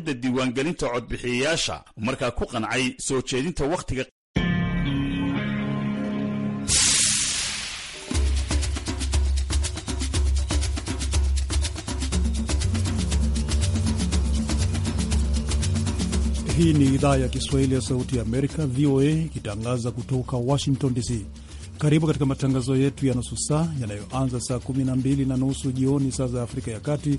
da diiwaangelinta codbixiyayaasha markaa ku qancay soo jeedinta wakhtiga Hii ni idhaa ya Kiswahili ya Sauti ya Amerika, VOA, ikitangaza kutoka Washington DC. Karibu katika matangazo yetu ya nusu saa yanayoanza saa 12 na nusu jioni saa za Afrika ya Kati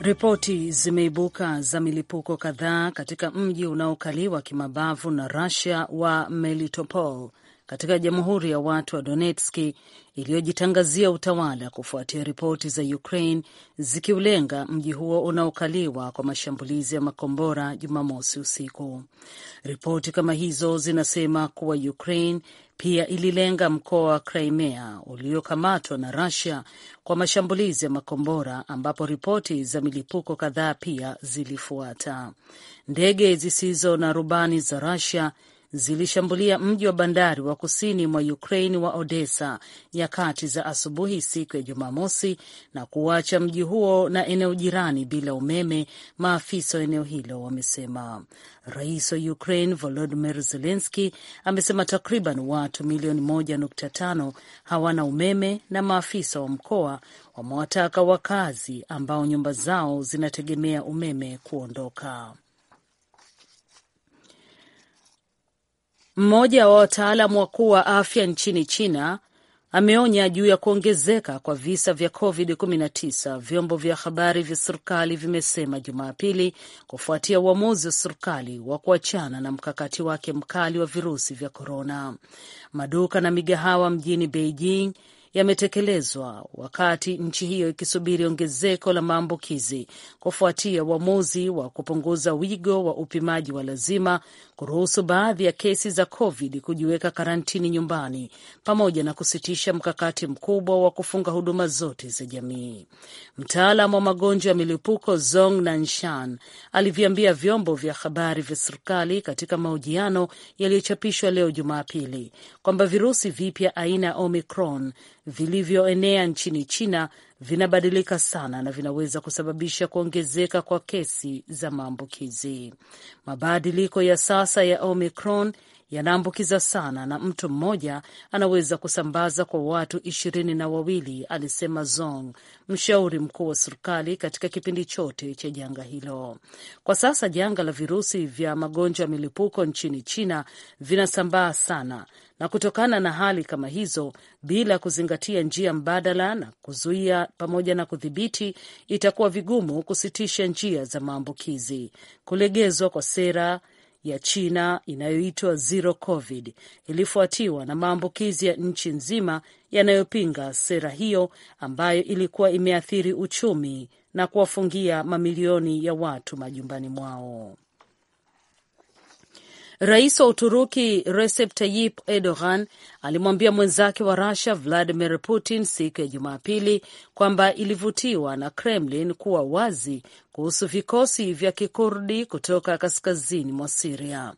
Ripoti zimeibuka za milipuko kadhaa katika mji unaokaliwa kimabavu na Russia wa Melitopol katika Jamhuri ya Watu wa Donetski iliyojitangazia utawala kufuatia ripoti za Ukraine zikiulenga mji huo unaokaliwa kwa mashambulizi ya makombora Jumamosi usiku. Ripoti kama hizo zinasema kuwa Ukraine pia ililenga mkoa wa Crimea uliokamatwa na Russia kwa mashambulizi ya makombora ambapo ripoti za milipuko kadhaa pia zilifuata. Ndege zisizo na rubani za Russia zilishambulia mji wa bandari wa kusini mwa Ukraine wa Odessa nyakati za asubuhi siku ya Jumamosi na kuacha mji huo na eneo jirani bila umeme, maafisa wa eneo hilo wamesema. Rais wa Ukraine Volodymyr Zelensky amesema takriban watu milioni 1.5 hawana umeme na maafisa wa mkoa wamewataka wakazi ambao nyumba zao zinategemea umeme kuondoka. Mmoja wa wataalamu wakuu wa afya nchini China ameonya juu ya kuongezeka kwa visa vya COVID-19, vyombo vya habari vya serikali vimesema Jumapili, kufuatia uamuzi wa serikali wa kuachana na mkakati wake mkali wa virusi vya korona. Maduka na migahawa mjini Beijing yametekelezwa wakati nchi hiyo ikisubiri ongezeko la maambukizi kufuatia uamuzi wa, kupunguza wigo wa upimaji wa lazima, kuruhusu baadhi ya kesi za COVID kujiweka karantini nyumbani, pamoja na kusitisha mkakati mkubwa wa kufunga huduma zote za jamii. Mtaalam wa magonjwa ya milipuko Zong Nanshan aliviambia vyombo vya habari vya serikali katika mahojiano yaliyochapishwa leo Jumapili kwamba virusi vipya aina ya Omicron vilivyoenea nchini China vinabadilika sana na vinaweza kusababisha kuongezeka kwa kesi za maambukizi. Mabadiliko ya sasa ya Omicron yanaambukiza sana na mtu mmoja anaweza kusambaza kwa watu ishirini na wawili, alisema Zong, mshauri mkuu wa serikali katika kipindi chote cha janga hilo. Kwa sasa janga la virusi vya magonjwa ya milipuko nchini China vinasambaa sana na kutokana na hali kama hizo, bila kuzingatia njia mbadala na kuzuia pamoja na kudhibiti, itakuwa vigumu kusitisha njia za maambukizi. Kulegezwa kwa sera ya China inayoitwa Zero Covid ilifuatiwa na maambukizi ya nchi nzima yanayopinga sera hiyo ambayo ilikuwa imeathiri uchumi na kuwafungia mamilioni ya watu majumbani mwao. Rais wa Uturuki Recep Tayyip Erdogan alimwambia mwenzake wa rasha Vladimir Putin siku ya Jumapili kwamba ilivutiwa na Kremlin kuwa wazi kuhusu vikosi vya Kikurdi kutoka kaskazini mwa Siria.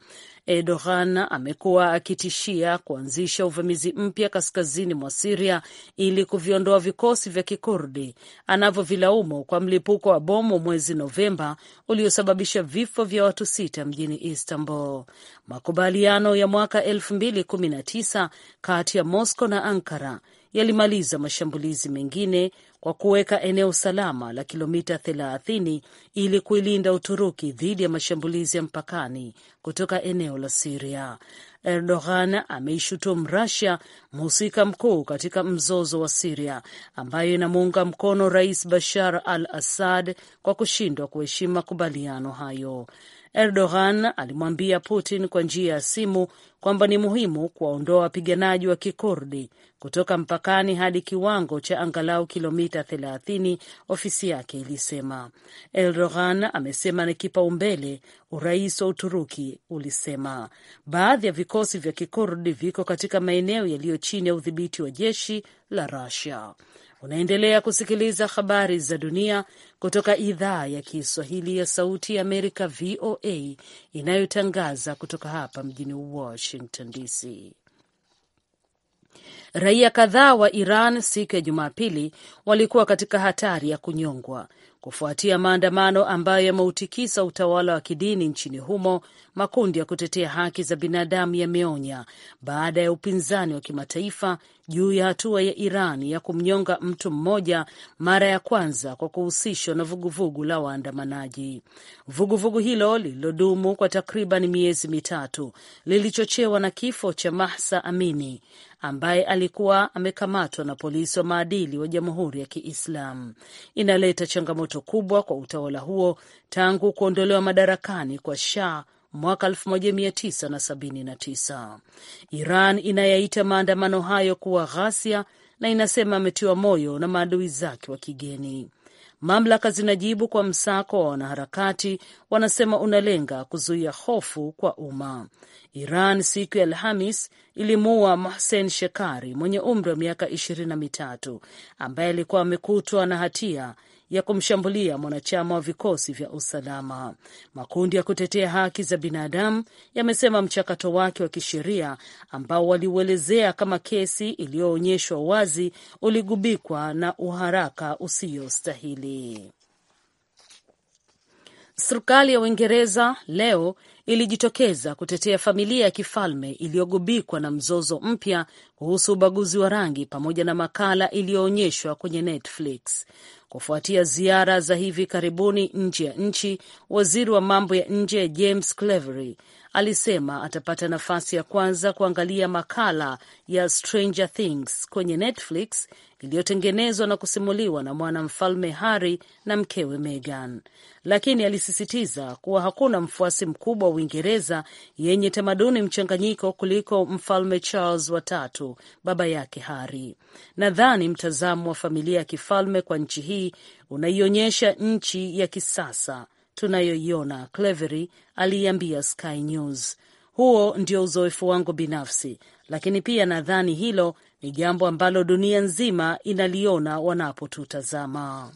Erdogan amekuwa akitishia kuanzisha uvamizi mpya kaskazini mwa Siria ili kuviondoa vikosi vya Kikurdi anavyovilaumu kwa mlipuko wa bomu mwezi Novemba uliosababisha vifo vya watu sita mjini Istanbul. Makubaliano ya mwaka 2019 kati ya Moscow na Ankara yalimaliza mashambulizi mengine kwa kuweka eneo salama la kilomita 30 ili kuilinda Uturuki dhidi ya mashambulizi ya mpakani kutoka eneo la Siria. Erdogan ameishutumu rasia mhusika mkuu katika mzozo wa Siria, ambayo inamuunga mkono Rais Bashar al Assad kwa kushindwa kuheshimu makubaliano hayo. Erdogan alimwambia Putin kwa njia ya simu kwamba ni muhimu kuwaondoa wapiganaji wa kikurdi kutoka mpakani hadi kiwango cha angalau kilomita 30, ofisi yake ilisema. Erdogan amesema ni kipaumbele, urais wa Uturuki ulisema. Baadhi ya vikosi vya kikurdi viko katika maeneo yaliyo chini ya udhibiti wa jeshi la rasia Unaendelea kusikiliza habari za dunia kutoka idhaa ya Kiswahili ya Sauti ya Amerika, VOA, inayotangaza kutoka hapa mjini Washington DC. Raia kadhaa wa Iran siku ya Jumapili walikuwa katika hatari ya kunyongwa kufuatia maandamano ambayo yameutikisa utawala wa kidini nchini humo. Makundi ya kutetea haki za binadamu yameonya baada ya upinzani wa kimataifa juu ya hatua ya Iran ya kumnyonga mtu mmoja mara ya kwanza kwa kuhusishwa na vuguvugu la waandamanaji. Vuguvugu hilo lililodumu kwa takriban miezi mitatu lilichochewa na kifo cha Mahsa Amini ambaye alikuwa amekamatwa na polisi wa maadili wa Jamhuri ya Kiislamu. Inaleta changamoto changamoto kubwa kwa utawala huo tangu kuondolewa madarakani kwa Shah mwaka 1979. Iran inayaita maandamano hayo kuwa ghasia na inasema ametiwa moyo na maadui zake wa kigeni. Mamlaka zinajibu kwa msako wa wanaharakati, wanasema unalenga kuzuia hofu kwa umma. Iran siku ya Alhamis ilimuua Mohsen Shekari mwenye umri wa miaka ishirini na mitatu ambaye alikuwa amekutwa na hatia ya kumshambulia mwanachama wa vikosi vya usalama. Makundi ya kutetea haki za binadamu yamesema mchakato wake wa kisheria ambao waliuelezea kama kesi iliyoonyeshwa wazi uligubikwa na uharaka usiostahili Serikali ya Uingereza leo ilijitokeza kutetea familia ya kifalme iliyogubikwa na mzozo mpya kuhusu ubaguzi wa rangi pamoja na makala iliyoonyeshwa kwenye Netflix kufuatia ziara za hivi karibuni nje ya nchi. Waziri wa mambo ya nje James Cleverly alisema atapata nafasi ya kwanza kuangalia makala ya Stranger Things kwenye Netflix iliyotengenezwa na kusimuliwa na mwanamfalme Harry na mkewe Meghan, lakini alisisitiza kuwa hakuna mfuasi mkubwa wa Uingereza yenye tamaduni mchanganyiko kuliko mfalme Charles watatu baba yake Harry. Nadhani mtazamo wa familia ya kifalme kwa nchi hii unaionyesha nchi ya kisasa tunayoiona, clevery aliiambia Sky News. Huo ndio uzoefu wangu binafsi, lakini pia nadhani hilo ni jambo ambalo dunia nzima inaliona wanapotutazama.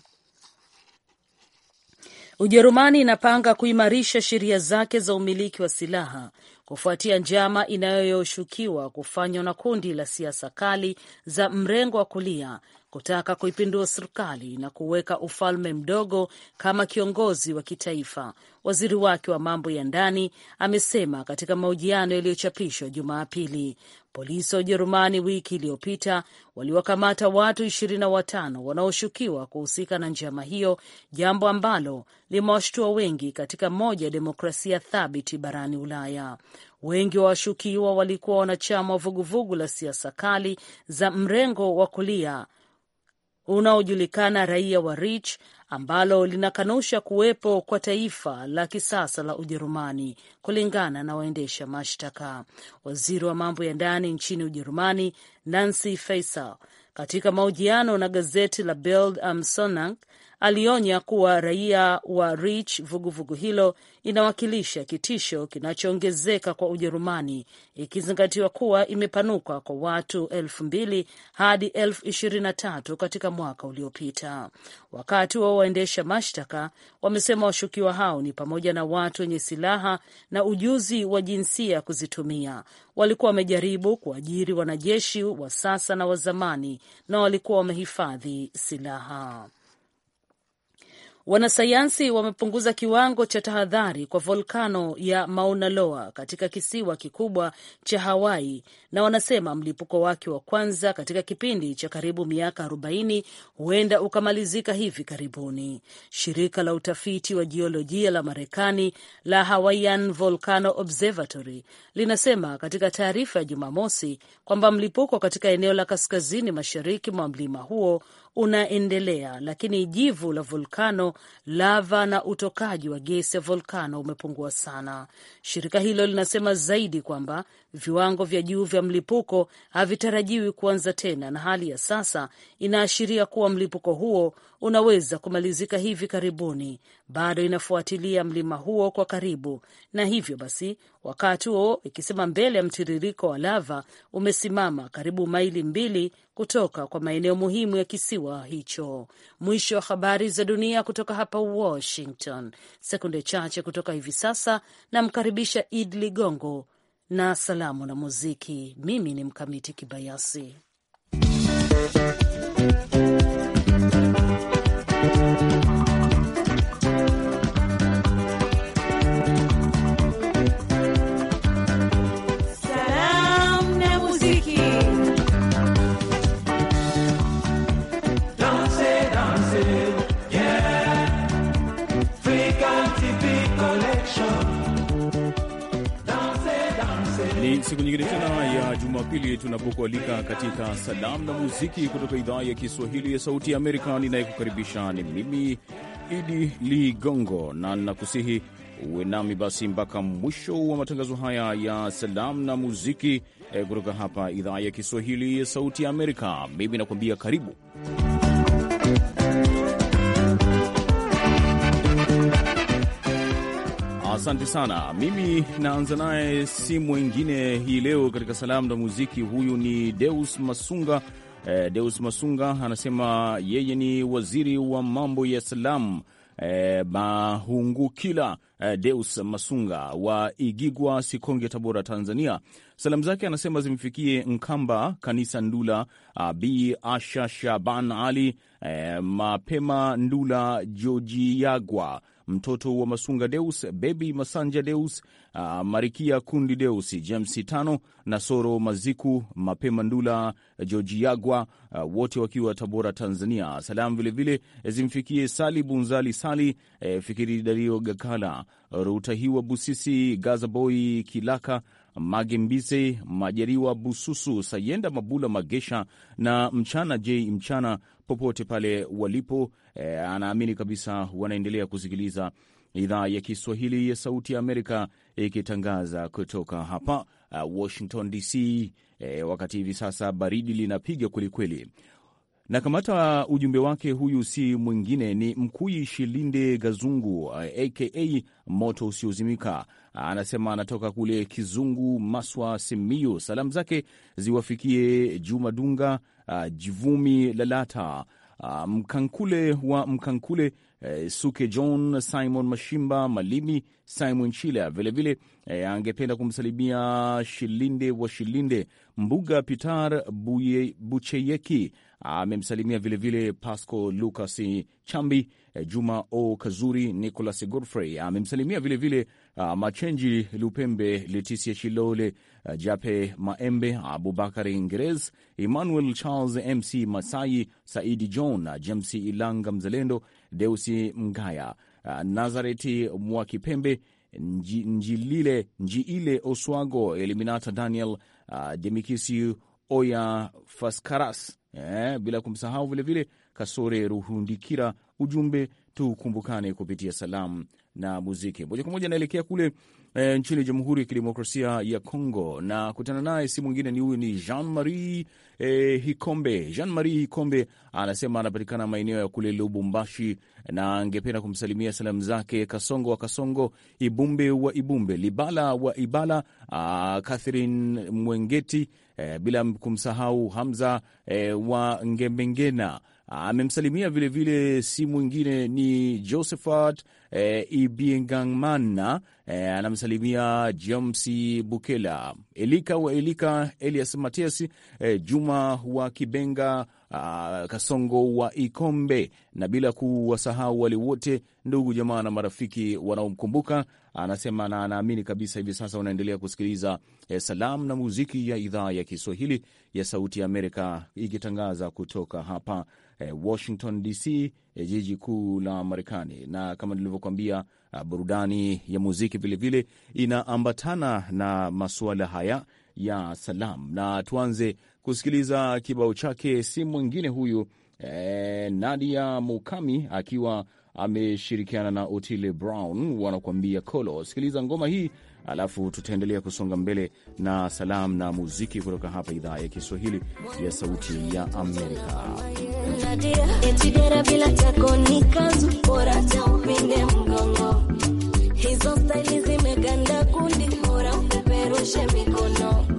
Ujerumani inapanga kuimarisha sheria zake za umiliki wa silaha kufuatia njama inayoshukiwa kufanywa na kundi la siasa kali za mrengo wa kulia kutaka kuipindua serikali na kuweka ufalme mdogo kama kiongozi wa kitaifa, waziri wake wa mambo ya ndani amesema katika mahojiano yaliyochapishwa Jumapili. Polisi wa Ujerumani wiki iliyopita waliwakamata watu ishirini na watano wanaoshukiwa kuhusika na njama hiyo, jambo ambalo limewashtua wengi katika moja ya demokrasia thabiti barani Ulaya. Wengi wa washukiwa walikuwa wanachama wa vuguvugu la siasa kali za mrengo wa kulia unaojulikana raia wa rich ambalo linakanusha kuwepo kwa taifa la kisasa la Ujerumani kulingana na waendesha mashtaka. Waziri wa mambo ya ndani nchini Ujerumani Nancy Faeser, katika mahojiano na gazeti la Bild am Sonntag alionya kuwa raia wa Reich vuguvugu hilo inawakilisha kitisho kinachoongezeka kwa Ujerumani, ikizingatiwa kuwa imepanuka kwa watu elfu mbili hadi elfu ishirini na tatu katika mwaka uliopita. Wakati wa waendesha mashtaka wamesema washukiwa hao ni pamoja na watu wenye silaha na ujuzi wa jinsia ya kuzitumia, walikuwa wamejaribu kuajiri wanajeshi wa sasa na wa zamani na walikuwa wamehifadhi silaha. Wanasayansi wamepunguza kiwango cha tahadhari kwa volkano ya Mauna Loa katika kisiwa kikubwa cha Hawaii na wanasema mlipuko wake wa kwanza katika kipindi cha karibu miaka 40 huenda ukamalizika hivi karibuni. Shirika la utafiti wa jiolojia la Marekani la Hawaiian Volcano Observatory linasema katika taarifa ya Jumamosi kwamba mlipuko katika eneo la kaskazini mashariki mwa mlima huo unaendelea, lakini jivu la volkano, lava na utokaji wa gesi ya volkano umepungua sana. Shirika hilo linasema zaidi kwamba viwango vya juu vya mlipuko havitarajiwi kuanza tena, na hali ya sasa inaashiria kuwa mlipuko huo unaweza kumalizika hivi karibuni bado inafuatilia mlima huo kwa karibu, na hivyo basi, wakati huo ikisema mbele ya mtiririko wa lava umesimama karibu maili mbili kutoka kwa maeneo muhimu ya kisiwa hicho. Mwisho wa habari za dunia kutoka hapa Washington. Sekunde chache kutoka hivi sasa, namkaribisha Id Ligongo na salamu na muziki. Mimi ni Mkamiti Kibayasi. siku nyingine tena ya Jumapili tunapokualika katika salamu na muziki kutoka idhaa ya Kiswahili ya Sauti ya Amerika. Ninayekukaribisha ni mimi Idi Ligongo, na nakusihi uwe nami basi mpaka mwisho wa matangazo haya ya salamu na muziki eh, kutoka hapa idhaa ya Kiswahili ya Sauti ya Amerika. Mimi nakuambia karibu Asante sana. Mimi naanza naye si mwingine hii leo katika salamu na muziki, huyu ni Deus Masunga. Eh, Deus Masunga anasema yeye ni waziri wa mambo ya salamu Bahungukila eh, kila eh, Deus Masunga wa Igigwa, Sikonge, Tabora, Tanzania. Salamu zake anasema zimfikie Nkamba Kanisa Ndula, abi ah, B Asha Shaban Ali, eh, Mapema Ndula, Joji Yagwa mtoto wa Masunga Deus, Bebi Masanja Deus, uh, Marikia Kundi Deus, James Tano na Soro Maziku Mapema Ndula Yagwa, uh, wote wakiwa Tabora, Tanzania. Salamu vilevile zimfikie Sali Bunzali Sali, eh, Fikiri Dario Gakala Rutahiwa Busisi boy Kilaka Magembise Majeriwa, Bususu Sayenda, Mabula Magesha na Mchana J Mchana, popote pale walipo. E, anaamini kabisa wanaendelea kusikiliza idhaa ya Kiswahili ya Sauti ya Amerika ikitangaza kutoka hapa uh, Washington DC. E, wakati hivi sasa baridi linapiga kwelikweli na kamata ujumbe wake. Huyu si mwingine ni mkui Shilinde Gazungu aka Moto Usiozimika. Anasema anatoka kule Kizungu, Maswa, Simiyu. Salamu zake ziwafikie Juma Dunga, Jivumi Lalata, Mkankule wa Mkankule eh, Suke John, Simon Mashimba, Malimi Simon chile vilevile eh, angependa kumsalimia Shilinde wa Shilinde Mbuga, Pitar Buye, Bucheyeki amemsalimia vilevile Pasco Lucas Chambi, eh, Juma O Kazuri, Nicolas Godfrey amemsalimia vilevile uh, Machenji Lupembe, Letisia chilole uh, Jape Maembe, Abubakari Ingerez, Emmanuel Charles, MC Masai, Saidi John, uh, James Ilanga Mzalendo, Deusi Mgaya, uh, Nazareti Mwakipembe, Nji, Njilile Njiile Oswago, Eliminata Daniel, uh, Demikisi Oya Faskaras, eh, bila kumsahau vilevile Kasore Ruhundikira. Ujumbe tukumbukane kupitia salamu na muziki. Moja kwa moja naelekea kule e, nchini Jamhuri ya Kidemokrasia ya Kongo na kutana naye, si mwingine ni huyu ni Jean Marie e, eh, Hikombe. Jean Marie Hikombe anasema anapatikana maeneo ya kule Lubumbashi na angependa kumsalimia salamu zake Kasongo wa Kasongo, Ibumbe wa Ibumbe, Libala wa Ibala, a, ah, Catherine Mwengeti, e, bila kumsahau Hamza e, wa Ngembengena amemsalimia vilevile, si mwingine ni Josephat e, eh, Ibingangmana e, eh, anamsalimia James Bukela, Elika wa Elika, Elias Matias e, Juma wa Kibenga a, ah, Kasongo wa Ikombe, na bila kuwasahau wale wote ndugu jamaa na marafiki wanaomkumbuka. Anasema na anaamini kabisa hivi sasa unaendelea kusikiliza e, salamu na muziki ya idhaa ya Kiswahili ya Sauti ya Amerika ikitangaza kutoka hapa Eh, Washington DC, eh, jiji kuu la Marekani. Na kama nilivyokuambia, ah, burudani ya muziki vilevile inaambatana na masuala haya ya salam, na tuanze kusikiliza kibao chake, si mwingine huyu eh, Nadia Mukami akiwa ameshirikiana na Otile Brown wanakuambia Kolo. Sikiliza ngoma hii alafu tutaendelea kusonga mbele na salamu na muziki kutoka hapa idhaa ya Kiswahili ya Sauti ya Amerika. Hizo staili zimeganda kundi, upeperushe mikono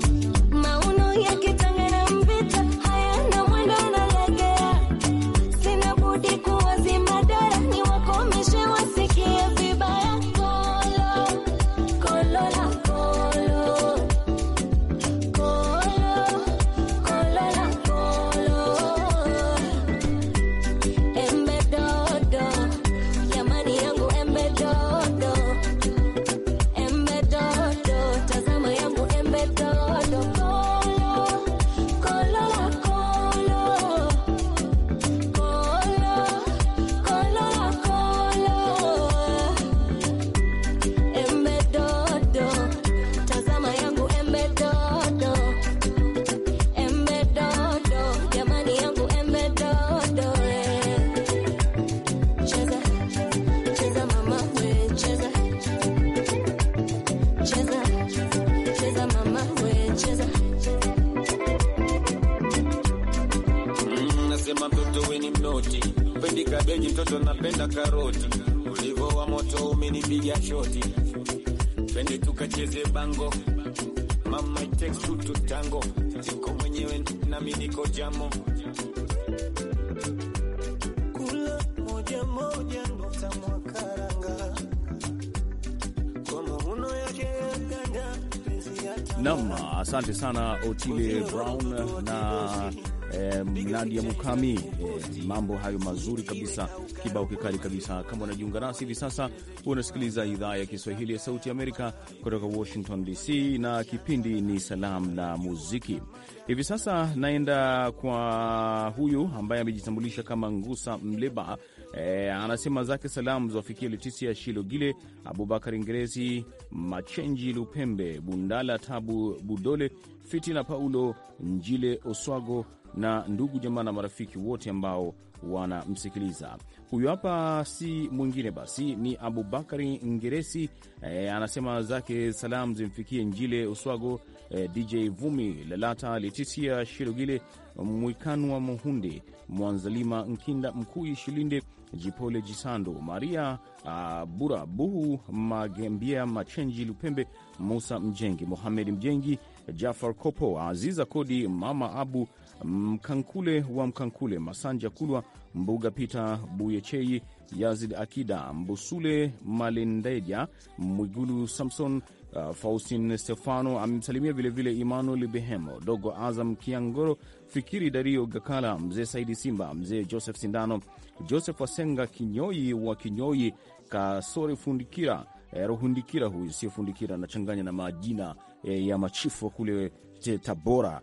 Asante sana Otile Brown na eh, Nadia Mukami eh, mambo hayo mazuri kabisa, kibao kikali kabisa. Kama unajiunga nasi hivi sasa, unasikiliza idhaa ya Kiswahili ya Sauti Amerika kutoka Washington DC, na kipindi ni Salamu na Muziki. Hivi sasa naenda kwa huyu ambaye amejitambulisha kama Ngusa Mleba E, anasema zake salamu ziwafikie Letisia Shilogile, Abubakar Ngeresi, Machenji Lupembe, Bundala Tabu Budole, Fitina Paulo Njile Oswago na ndugu jamaa na marafiki wote ambao wanamsikiliza. Huyu hapa si mwingine basi ni Abubakari Ngeresi. E, anasema zake salamu zimfikie Njile Oswago, e, DJ Vumi, Lalata, Letisia Shilogile Mwikanwa Muhundi, Mwanzalima Nkinda, Mkuyi Shilinde, Jipole Jisando, Maria ah, Bura Buhu, Magembia Machenji Lupembe, Musa Mjengi, Mohamed Mjengi, Jafar Kopo, Aziza Kodi, Mama Abu Mkankule wa Mkankule, Masanja Kulwa, Mbuga pita Buyechei, Yazid Akida, Mbusule Malendeja, Mwigulu Samson Uh, Faustin Stefano amemsalimia vilevile Emmanuel Behemo, Dogo Azam Kiangoro, Fikiri Dario Gakala, Mzee Saidi Simba, Mzee Joseph Sindano, Joseph Wasenga Kinyoi wa Kinyoi, Kasore Fundikira, eh, Rohundikira, huyu sio Fundikira, anachanganya na majina eh, ya machifu wa kule eh, Tabora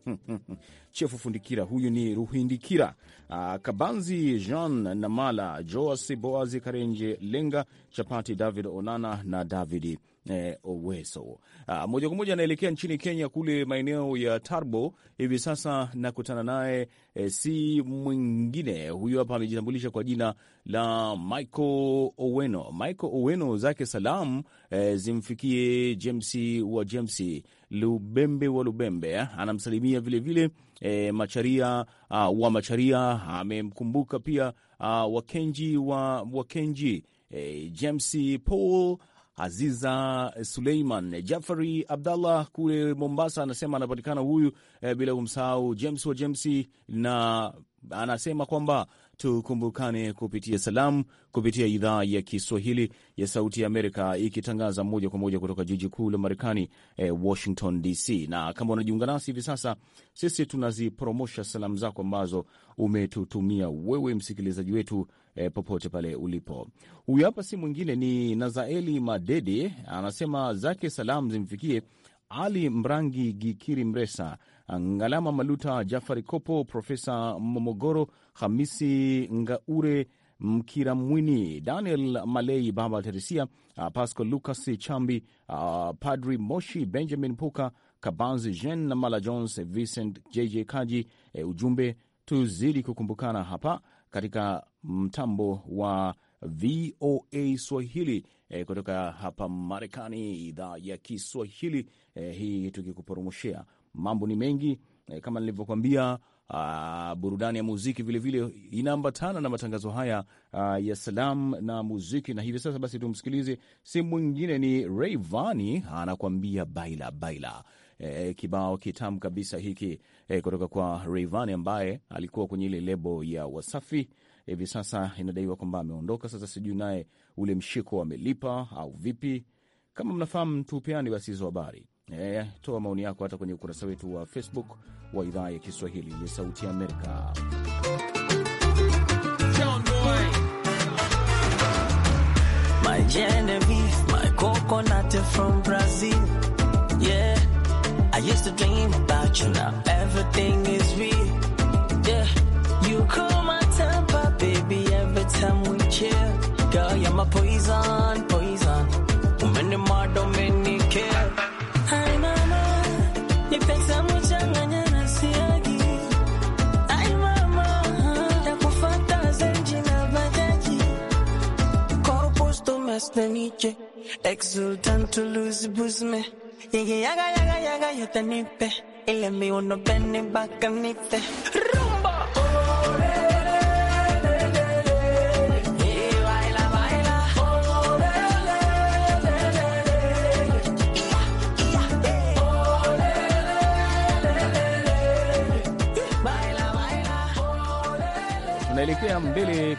Chefu Fundikira, huyu ni Ruhindikira. Uh, Kabanzi Jean Namala, Joas Boazi Karenje Lenga, Chapati David Onana na David eh, Oweso. Ah, moja kwa moja anaelekea nchini Kenya kule maeneo ya Tarbo hivi sasa nakutana naye e, si mwingine huyu hapa, amejitambulisha kwa jina la Michael Oweno. Michael Oweno zake salamu e, zimfikie James wa James Lubembe wa Lubembe, anamsalimia vilevile E, eh, Macharia a, ah, wa Macharia amemkumbuka pia ah, Wakenji wa Wakenji e, James Paul Aziza Suleiman Jafari Abdallah kule Mombasa anasema anapatikana huyu e, bila kumsahau James wa James, na anasema kwamba tukumbukane kupitia salamu, kupitia idhaa ya Kiswahili ya Sauti ya Amerika ikitangaza moja kwa moja kutoka jiji kuu la Marekani e, Washington DC. Na kama unajiunga nasi hivi sasa, sisi tunazipromosha salamu zako ambazo umetutumia wewe msikilizaji wetu eh, popote pale ulipo. Huyu hapa si mwingine ni Nazaeli Madede, anasema zake salamu zimfikie Ali Mrangi, Gikiri Mresa, Ngalama Maluta, Jafari Kopo, Profesa Momogoro, Hamisi Ngaure, Mkiramwini, Daniel Malei, Baba Teresia, uh, Pasco Lucas Chambi, uh, Padri Moshi, Benjamin Puka, Kabanzi Jen na Mala Jones, Vincent JJ Kaji. Eh, ujumbe tuzidi kukumbukana hapa katika mtambo wa VOA Swahili e, kutoka hapa Marekani, idhaa ya Kiswahili e, hii tukikuporomoshea mambo ni mengi e, kama nilivyokwambia, ah, burudani ya muziki vilevile inaambatana na matangazo haya a, ah, ya salam na muziki. Na hivi sasa basi tumsikilize, si mwingine ni Rayvanny anakuambia baila baila eh, kibao kitamu kabisa hiki eh, kutoka kwa Rayvanny ambaye alikuwa kwenye ile lebo ya Wasafi. Hivi eh, sasa inadaiwa kwamba ameondoka. Sasa sijui naye ule mshiko amelipa au vipi? Kama mnafahamu, tupeani basi hizo habari. Eh, toa maoni yako hata kwenye ukurasa wetu wa Facebook wa idhaa ya Kiswahili ya Sauti ya Amerika. My I used to dream about you, now everything is real. Yeah, you cool my temper, baby, every time we chill. Girl, you're my poison, poison. Umene madomenike. Hi mama, nipesa muchanganya na siagi. Hi mama, nakufata zenji na bajaji. Corpus tu mesneniche, exultant tu lose buzme. Yaga, yaga, ya te nipe. El enemigo no ni ¡Rumba!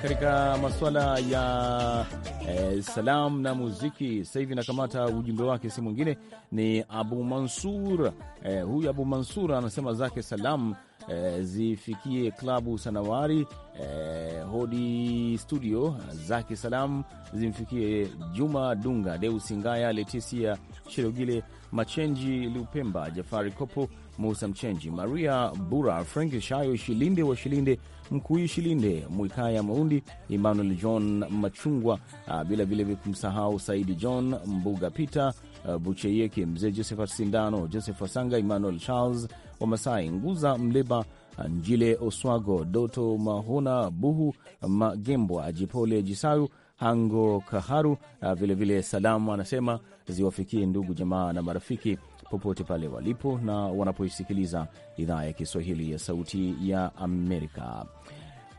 katika masuala ya eh, salamu na muziki. Sasa hivi nakamata ujumbe wake, si mwingine ni Abu Mansur. Eh, huyu Abu Mansur anasema zake salamu eh, zifikie klabu Sanawari eh, hodi studio zake salamu zimfikie Juma Dunga, deusingaya Ngaya, Letisia Shirogile, Machenji Lupemba, Jafari Kopo, Musa Mchenji, Maria Bura, Frank Shayo Shilinde wa Shilinde Mkuu Shilinde, Mwikaya Maundi, Emmanuel John Machungwa, vilevile ah, kumsahau Saidi John Mbuga, Peter ah, Bucheyeke, Mzee Josephat Sindano, Joseph Wasanga, Emmanuel Charles Wamasai, Nguza Mleba, ah, Njile Oswago, Doto Mahona, Buhu Magembwa, Jipole Jisayu, Hango Kaharu. Vilevile salamu anasema ziwafikie ndugu jamaa na marafiki popote pale walipo na wanapoisikiliza idhaa ya Kiswahili ya Sauti ya Amerika.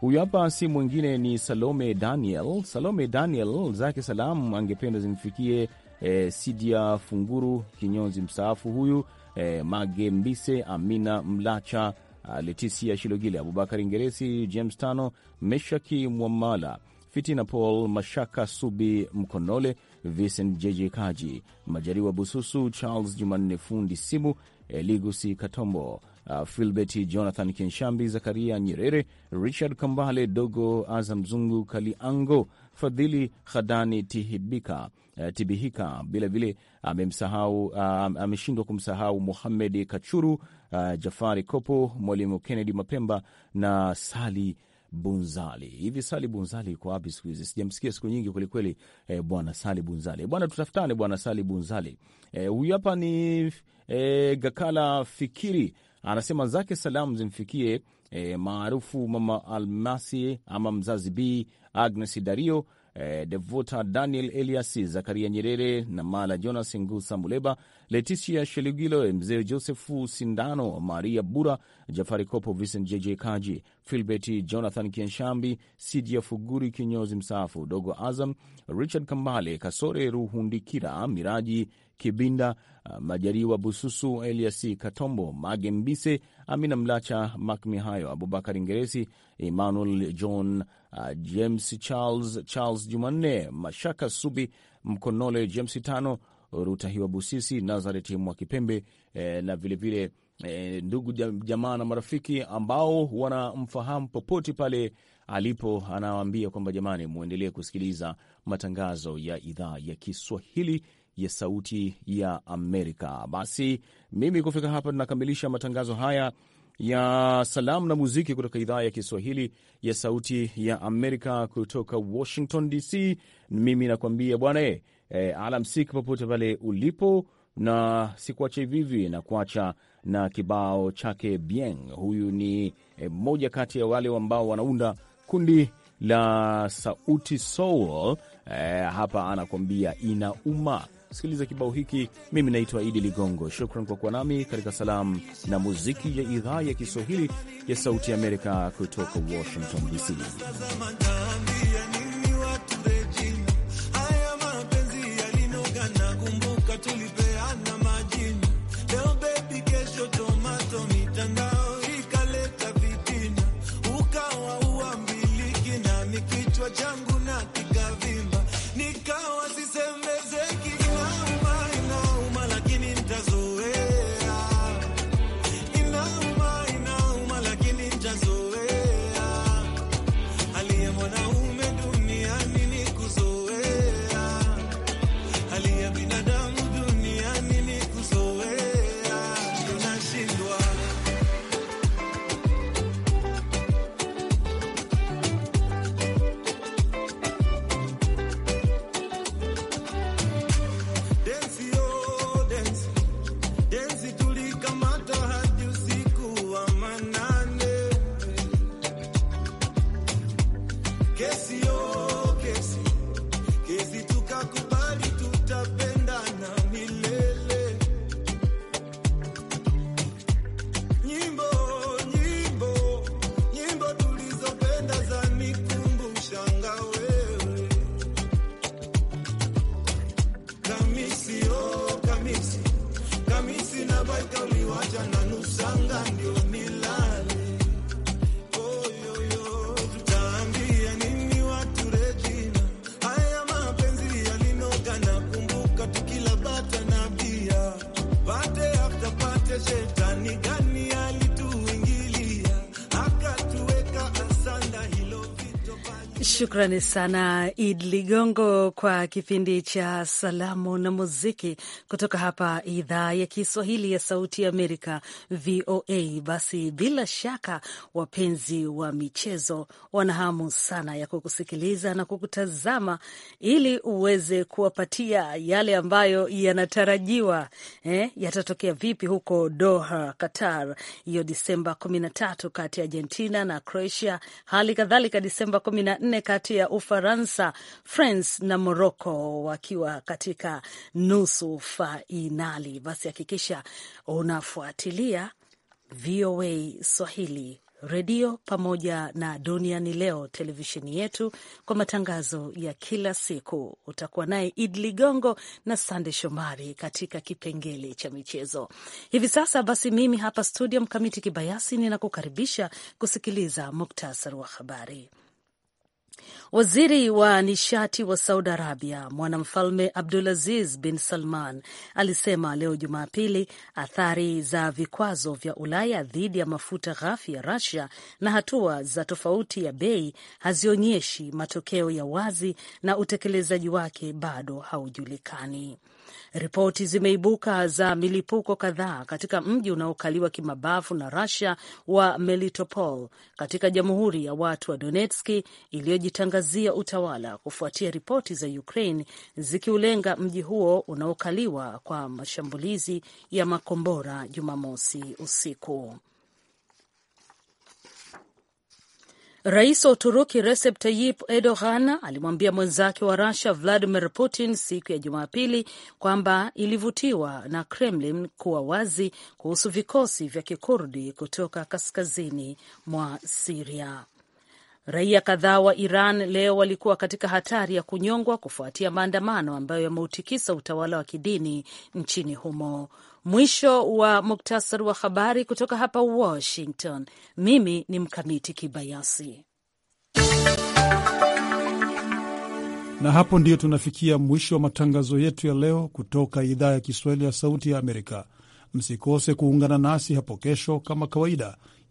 Huyu hapa si mwingine ni Salome Daniel. Salome Daniel zake salamu angependa zimfikie e, Sidia Funguru, kinyonzi mstaafu huyu e, Mage Mbise, Amina Mlacha, ah, Letisia Shilogile, Abubakar ingeresi James Tano, Meshaki Mwamala, Fitina Paul, Mashaka Subi Mkonole Vincent Jeje Kaji, Majariwa Bususu, Charles Jumanne Fundi Simu, Eligusi Katombo, uh, Filbert Jonathan Kenshambi, Zakaria Nyerere, Richard Kambale, Dogo Azamzungu Kaliango, Fadhili Khadani Tihibika uh, Tibihika. Vilevile amemsahau uh, ameshindwa kumsahau Muhamed Kachuru, uh, Jafari Kopo, Mwalimu Kennedy Mapemba na Sali Bunzali. Hivi Sali Bunzali iko wapi siku hizi? Sijamsikia siku nyingi kwelikweli. E, eh, bwana Sali Bunzali bwana, tutafutane bwana Sali Bunzali. E, huyu hapa ni e, Gakala Fikiri anasema zake salamu zimfikie e, maarufu Mama Almasi ama mzazi B Agnes Dario eh, Daniel Elias, Zakaria Nyerere na Mala Jonas Ngusa Muleba, Leticia Shelugilo, Mzee Josefu Sindano, Maria Bura, Jafari Kopo, Vincent JJ Kaji, Filbert Jonathan Kienshambi, Sidia Fuguri kinyozi msaafu, Dogo Azam, Richard Kambale, Kasore Ruhundikira, Miraji Kibinda, uh, Majariwa Bususu, elias Katombo, Mage Mbise, Amina Mlacha, Mak Mihayo, Abubakar Ingeresi, Emmanuel John, uh, James Charles, Charles Jumanne, Mashaka Subi, Mkonole James tano Rutahiwa Busisi, Nazareti Mwakipembe eh, na vilevile vile, eh, ndugu jamaa na marafiki ambao wanamfahamu popote pale alipo, anawaambia kwamba jamani, mwendelee kusikiliza matangazo ya idhaa ya Kiswahili ya Sauti ya Amerika. Basi mimi kufika hapa, tunakamilisha matangazo haya ya salamu na muziki kutoka idhaa ya Kiswahili ya Sauti ya Amerika kutoka Washington DC. Mimi nakuambia bwana e, alamsiki popote pale ulipo, na sikuacha hivihivi, na kuacha na kibao chake Bien. Huyu ni eh, mmoja kati ya wale ambao wanaunda kundi la Sauti Soul. E, hapa anakwambia inauma sikiliza kibao hiki. Mimi naitwa Idi Ligongo, shukran kwa kuwa nami katika salamu na muziki ya idhaa ya Kiswahili ya Sauti ya Amerika kutoka Washington DC. Shukrani sana Id Ligongo kwa kipindi cha salamu na muziki kutoka hapa idhaa ya Kiswahili ya Sauti ya Amerika, VOA. Basi bila shaka wapenzi wa michezo wana hamu sana ya kukusikiliza na kukutazama, ili uweze kuwapatia yale ambayo yanatarajiwa eh, yatatokea vipi huko Doha, Qatar, hiyo Disemba 13 kati ya Argentina na Croatia, hali kadhalika Disemba 14 kati ya Ufaransa, France na Morocco wakiwa katika nusu fainali. Basi hakikisha unafuatilia VOA Swahili redio pamoja na Duniani Leo televisheni yetu kwa matangazo ya kila siku. Utakuwa naye id Ligongo na Sande Shomari katika kipengele cha michezo hivi sasa. Basi mimi hapa studio, Mkamiti Kibayasi, ninakukaribisha kusikiliza muktasari wa habari. Waziri wa nishati wa Saudi Arabia, mwanamfalme Abdulaziz bin Salman, alisema leo Jumapili athari za vikwazo vya Ulaya dhidi ya mafuta ghafi ya rasia na hatua za tofauti ya bei hazionyeshi matokeo ya wazi na utekelezaji wake bado haujulikani. Ripoti zimeibuka za milipuko kadhaa katika mji unaokaliwa kimabavu na rasia wa Melitopol katika Jamhuri ya Watu wa Donetski iliyoji kuitangazia utawala kufuatia ripoti za Ukraine zikiulenga mji huo unaokaliwa kwa mashambulizi ya makombora Jumamosi usiku. Rais wa Uturuki Recep Tayyip Erdogan alimwambia mwenzake wa Rusia Vladimir Putin siku ya Jumapili kwamba ilivutiwa na Kremlin kuwa wazi kuhusu vikosi vya kikurdi kutoka kaskazini mwa Siria. Raia kadhaa wa Iran leo walikuwa katika hatari ya kunyongwa kufuatia maandamano ambayo yameutikisa utawala wa kidini nchini humo. Mwisho wa muktasari wa habari kutoka hapa Washington. Mimi ni Mkamiti Kibayasi, na hapo ndiyo tunafikia mwisho wa matangazo yetu ya leo kutoka idhaa ya Kiswahili ya Sauti ya Amerika. Msikose kuungana nasi hapo kesho kama kawaida